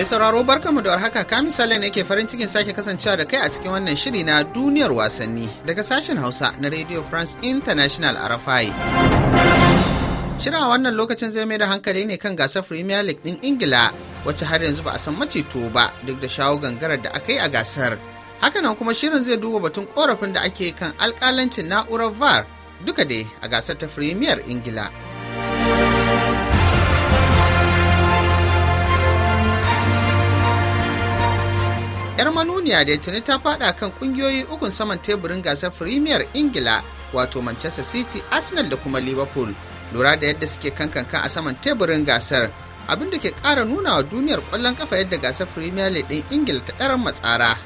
Mai sauraro barkamu da warhaka ka misali ne ke farin cikin sake kasancewa da kai a cikin wannan shiri na duniyar wasanni daga sashen Hausa na Radio France International a rafai Shirin a wannan lokacin zai mai da hankali ne kan gasar Premier League ɗin Ingila wacce har yanzu ba a san maceto ba duk da shawo gangarar da aka yi a gasar. Hakanan kuma shirin zai duba batun korafin da ake kan alkalancin na'urar VAR duka dai a gasar ta Premier Ingila. manuniya da tuni ta fada kan kungiyoyi ukun saman teburin gasar Premier Ingila wato Manchester City, Arsenal da kuma Liverpool. Lura da yadda suke kankankan a saman teburin gasar abin da ke kara nuna wa duniyar kwallon kafa yadda gasar Premier League Ingila ta ɗaran matsara.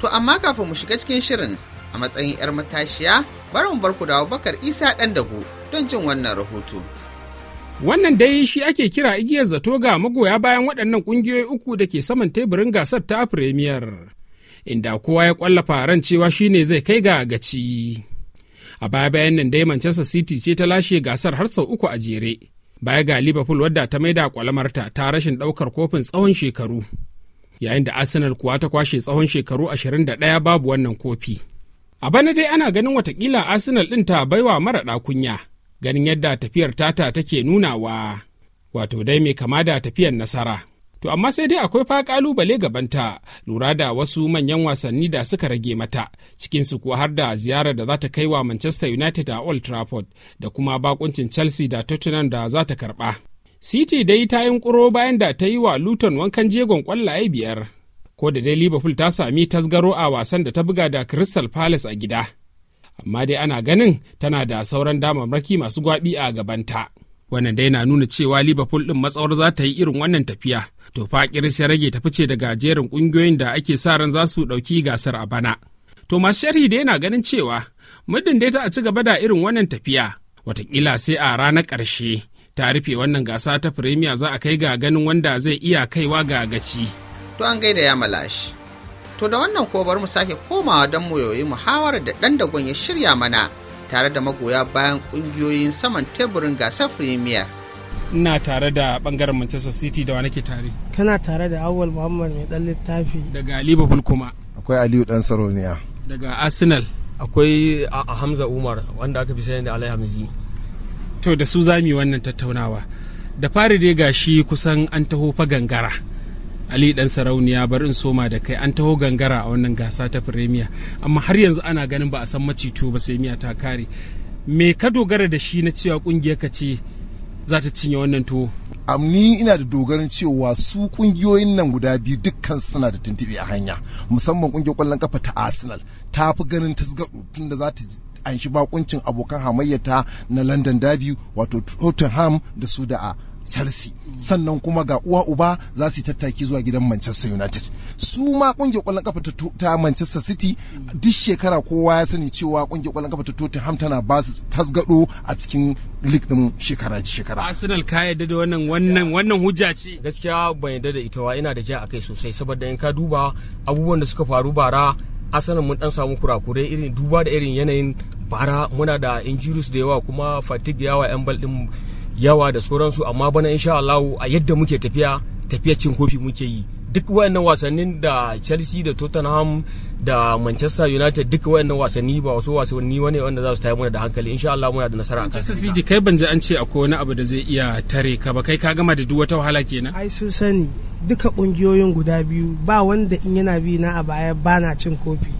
To amma kafin mu shiga cikin shirin a matsayin 'yar matashiya, bari mu bar ku da bakar Isa ɗan dago don jin wannan rahoto. Wannan dai shi ake kira igiyar zato ga magoya bayan waɗannan ƙungiyoyi uku da ke saman teburin gasar ta Premier, inda kowa ya ƙwallafa ran cewa shi ne zai kai ga gaci. A baya bayan nan dai Manchester City ce ta lashe gasar har sau uku a jere, baya ga Liverpool wadda ta maida kwalamarta ta rashin ɗaukar kofin tsawon shekaru. Yayin da Arsenal kuwa ta kwashe tsawon shekaru ashirin da ɗaya babu wannan kofi. A bana dai ana ganin watakila Arsenal ɗin ta baiwa mara ɗakunya. kunya. ganin yadda tafiyar tata take nunawa wato dai mai kama da tafiyar nasara to amma sai dai akwai fa kalubale gabanta lura da wasu manyan wasanni da suka rage mata cikinsu kuwa har da ziyarar da za ta kai wa manchester united a old trafford da kuma bakuncin chelsea da tottenham da za ta karba city dai ta yi yunkuro bayan da ta yi wa luton wankan jegon kwallaye biyar ko da dai liverpool ta sami tasgaro a wasan da ta buga da crystal palace a gida amma dai ana ganin tana da sauran damarmaki masu gwabi a gabanta wannan dai na nuna cewa liverpool ɗin matsawar za ta yi irin wannan tafiya to fa ya rage ta fice daga jerin kungiyoyin da ake sa ran za su dauki gasar a bana to masu sharhi dai yana ganin cewa muddin dai ta ci gaba da irin wannan tafiya watakila sai a ranar ƙarshe ta rufe wannan gasa ta premier za a kai ga ganin wanda zai iya kaiwa ga gaci to an gaida ya malashi To da wannan ko bari mu sake komawa don mu yoyi muhawarar da ɗan dagon ya shirya mana tare da magoya bayan ƙungiyoyin saman teburin gasar Premier. Ina tare da bangaren Manchester City da wani ke tare. Kana tare da Awal Muhammad mai ɗan littafi. Daga Liverpool kuma. Akwai Aliyu ɗan Saroniya. Daga Arsenal. Akwai Hamza Umar wanda aka fi sani da Alai Hamzi. To da su zami wannan tattaunawa. Da fari dai gashi kusan an taho fa gangara. ali dan sarauniya bar in soma da kai an taho gangara a wannan gasa ta firemiya amma har yanzu ana ganin ba a san macito ba sai miya ta kare me ka dogara da shi na cewa kungiyar ka ce za ta cinye wannan tuwo amni ina da dogarin cewa su kungiyoyin nan guda biyu dukkan suna da tuntuɓe a hanya musamman kungiyar kwallon kafa ta arsenal ta fi ganin tasgaro tunda za ta an shi bakuncin abokan hamayyata na london derby wato tottenham da su da a chelsea sannan kuma ga uwa uba za su tattaki zuwa gidan manchester united su ma kungiyar kwallon kafa ta manchester city duk shekara kowa ya sani cewa kungiyar kwallon kafa ta tottenham tana ba su tasgado a cikin league din shekara ji shekara arsenal ka yadda da wannan wannan wannan hujja ce gaskiya ban yadda da ita wa ina da a kai sosai saboda in ka duba abubuwan da suka faru bara asalin mun dan samu kurakurai irin duba da irin yanayin bara muna da injuries da yawa kuma fatigue yawa yan bal din yawa da sauransu amma bana insha Allah a yadda muke tafiya tafiya cin kofi muke yi duk wayannan wasannin da Chelsea da Tottenham da Manchester United duk wayannan wasanni ba wasu wasanni wani wanda za su tayi mana da hankali insha Allah muna da nasara akan Manchester City kai ban an ce akwai wani abu da zai iya tare ka ba kai ka gama da duk wata wahala kenan ai sun sani duka kungiyoyin guda biyu ba wanda in yana bi na a baya bana cin kofi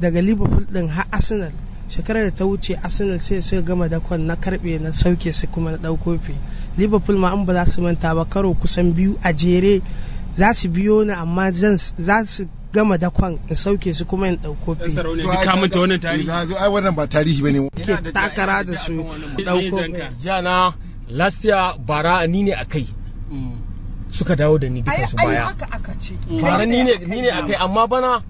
daga Liverpool din har Arsenal shekarar da ta wuce arsenal sai suka gama dakon na karbe na sauke su kuma na dauko fi liverpool ma an ba za su manta ba karo kusan biyu a jere za su biyo ni amma za su gama dakon in sauke su kuma in dauko fi Ɗan ka manta wannan tarihi. Ai wannan ba tarihi bane Ke takara da su ɗau Jana last year bara ni ne a kai. Mm. Suka dawo da ni dukansu baya. Ai haka aka ce. Bara ni ne a kai amma bana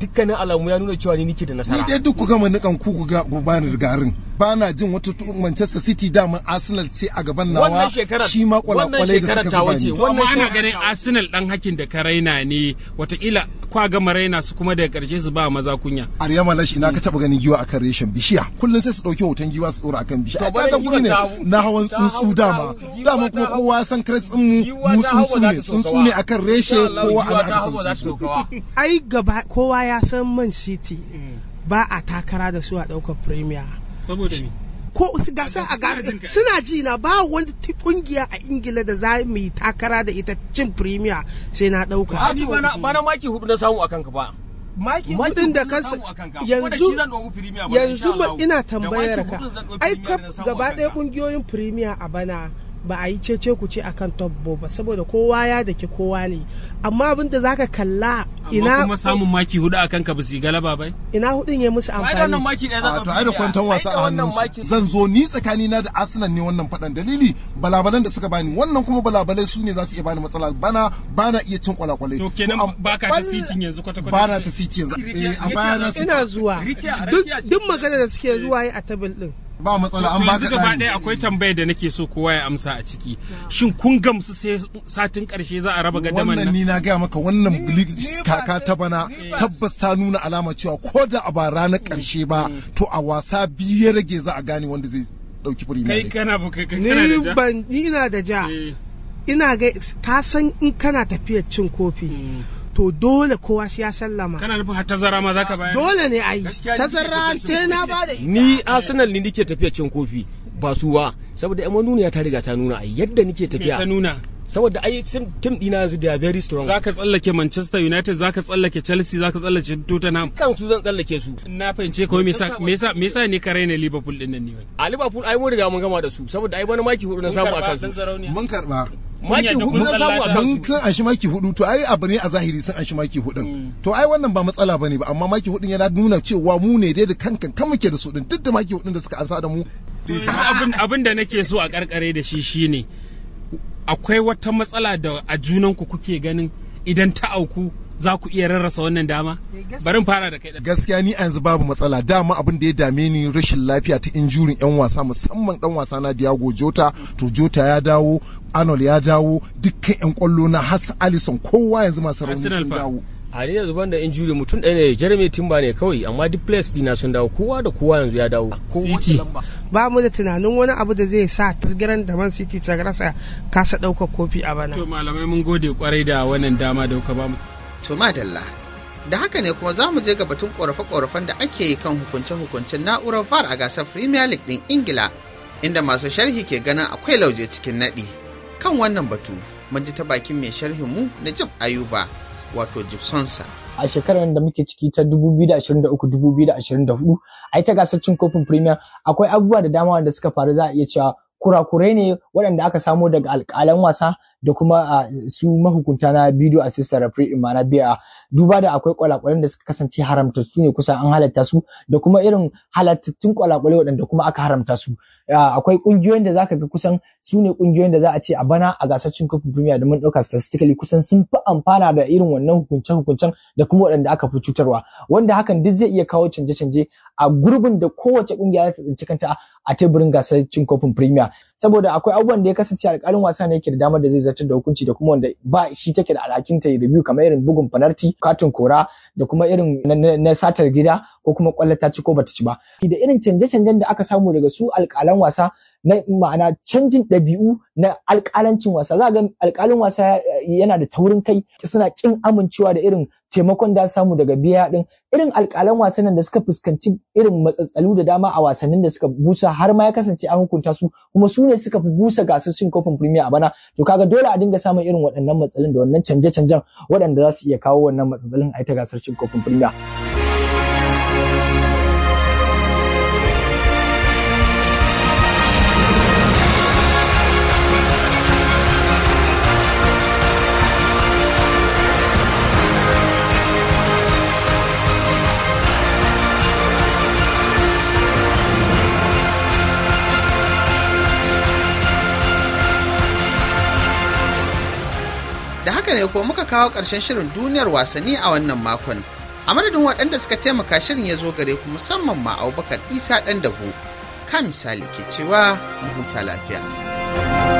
dukkanin alamu ya nuna cewa ni nike da nasara ni dai duk ku gama nikan ku ku ga ku bani garin ba na jin wata Manchester City dama Arsenal ce a gaban nawa shi ma kwalakwalai da suka zuba ni. Wannan ta ganin Arsenal dan hakin da ka raina ne watakila kwa ga raina su kuma daga karshe su ba maza kunya. Arya Malashi ina ka taba ganin giwa a kan reshen bishiya kullun sai su dauki hoton giwa su dora kan bishiya. a ta guri ne na hawan tsuntsu dama dama kuma kowa san kres din mu mu tsuntsu ne tsuntsu ne kan reshe kowa a aka tsuntsu. Ai gaba kowa ya san Man City mm. ba a takara da su a daukar Premier. saboda me ko su gasa a gasa suna ji na ba wani kungiya a ingila da za mu yi takara da ita cin premier sai na dauka ba na maki hudu na samu a kanka ba maki hudun da kansa yanzu yanzu ina tambayar ka ai gaba ɗaya kungiyoyin premier a bana ba a yi cece ku ce akan tobbo ba saboda kowa ya daki kowa ne amma abin da zaka kalla ina kuma samun maki hudu akan ka bisi galaba bai ina hudun ya musu amfani A maki ne to ai da kwanton wasa a hannun su zan zo ni tsakani na da Arsenal ne wannan fadan dalili balabalan da suka bani wannan kuma balabalai su ne za su iya bani matsala bana bana iya cin kwalakwalai to kenan baka ta City yanzu kwata kwata bana ta City yanzu eh a ina zuwa duk magana da suke zuwa yi a tabil din ba matsala an ba ka gaba ɗaya akwai tambayar da nake so kowa ya amsa a ciki shin kun gamsu sai satin karshe za a raba gadaman nan wannan ni na gaya maka wannan kaka ta bana tabbas ta nuna alama cewa ko da a ba ranar karshe ba to a wasa biyu ya rage za a gane wanda zai dauki furi kai kana ba kai kana da ja ni ban ina da ja eh. ina ga ka san in kana tafiyar cin kofi hmm. to dole kowa sai ya sallama kana nufin har tazara ma zaka bayar dole ne ai tazara ce na bada ni Arsenal ne nike tafiya cin kofi ba su ba saboda yan manuniya ta riga ta nuna ai yadda nike tafiya ta nuna saboda ai tim dina yanzu da very strong zaka tsallake Manchester United zaka tsallake Chelsea zaka tsallake Tottenham kan su zan tsallake su na fahimce ko me yasa me yasa me yasa ne ka raina Liverpool din nan ne a Liverpool ai mun riga mun gama da su saboda ai bana maki hudu na samu akan su mun karba maki hudu mun samu kan san an shi maki hudu to ai abu ne a zahiri sun an shi maki hudun mm. to ai wannan ba matsala bane ba amma maki hudun yana nuna cewa mu ne dai da kankan kan muke da su din duk da maki hudun da suka ansa da mu abin abin da nake so a karkare da shi shine akwai wata matsala da a junanku kuke ganin idan ta auku za ku iya rarrasa wannan dama barin fara da kai gaskiya ni a yanzu babu matsala dama abin da ya dame ni rashin lafiya ta injurin yan wasa musamman dan wasa na Diago Jota to Jota ya dawo Arnold ya dawo dukkan yan kwallo na Has alison kowa yanzu masu rauni sun dawo a ne zuban da injuri mutum ɗaya ne Jeremy Timba ne kawai amma duk players dina sun dawo kowa da kowa yanzu ya dawo ba mu da tunanin wani abu da zai sa tsigiran da Man City ta rasa kasa ɗaukar kofi a bana to malamai mun gode kwarai da wannan dama da kuka ba mu To madalla, da haka ne kuma za mu je ga batun korafe-korafen da ake yi kan hukunce-hukuncen na'urar VAR a gasar Premier League ɗin Ingila, inda masu sharhi ke ganin akwai lauje cikin naɗi. Kan wannan batu, mun ji ta bakin mai sharhin mu Najib Ayuba, wato Gibsonsa. a shekarar da muke ciki ta 2023-2024 a ta gasar cin kofin premier akwai abubuwa da dama wanda suka faru za a iya cewa kurakurai ne waɗanda aka samo daga alƙalan wasa da kuma su mahukunta na video assist referee din ma'ana biya duba da akwai kwalakwalen da suka kasance haramtattu ne kusa an halatta su da kuma irin halattattun kwalakwale waɗanda kuma aka haramta su akwai kungiyoyin da zaka ga kusan su ne kungiyoyin da za a ce a bana a gasar cin kofin premier da mun dauka statistically kusan sun fi amfana da irin wannan hukuncen hukuncen da kuma waɗanda aka fi cutarwa wanda hakan duk zai iya kawo canje-canje a gurbin da kowace kungiya ta tsinci kanta a teburin gasar cin kofin premier saboda akwai abubuwan da ya kasance alƙalin wasa ne yake da damar da zai zartar da hukunci da kuma wanda ba shi take da alhakin ta review kamar irin bugun fanarti katin kora da kuma irin na satar gida ko kuma kwallo ta ci ko bata ci ba da irin canje-canjen da aka samu daga su alkalan wasa na ma'ana canjin ɗabi'u na alƙalancin wasa za ga alkalin wasa eh, yana da taurin kai suna ƙin amincewa da irin taimakon da samu daga biya din irin alƙalan wasannin da suka fuskanci irin matsatsalu da dama a wasannin da suka busa har ma ya kasance an hukunta su kuma su ne suka fi busa gasar cin kofin premier a bana to kaga dole a dinga samun irin waɗannan matsalolin da wannan canje-canjen waɗanda za su iya kawo wannan matsatsalin a ita gasar cin kofin premier. haka ne ko muka kawo ƙarshen shirin duniyar wasanni a wannan makon. A madadin waɗanda suka taimaka shirin ya zo gare ku musamman ma Abubakar Isa ɗan dabu Ka misali ke cewa mu huta lafiya.